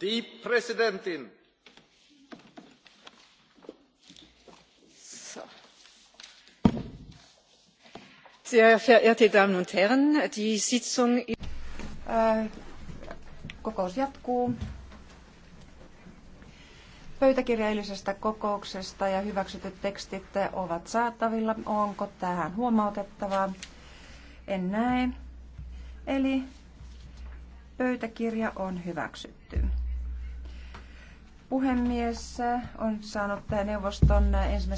die präsidentin! sehr verehrte damen und herren! die sitzung äh, kokous jatkuu. Pöytäkirja eilisestä kokouksesta ja hyväksytyt tekstit ovat saatavilla. Onko tähän huomautettavaa? En näe. Eli pöytäkirja on hyväksytty puhemies on saanut neuvoston ensimmäisen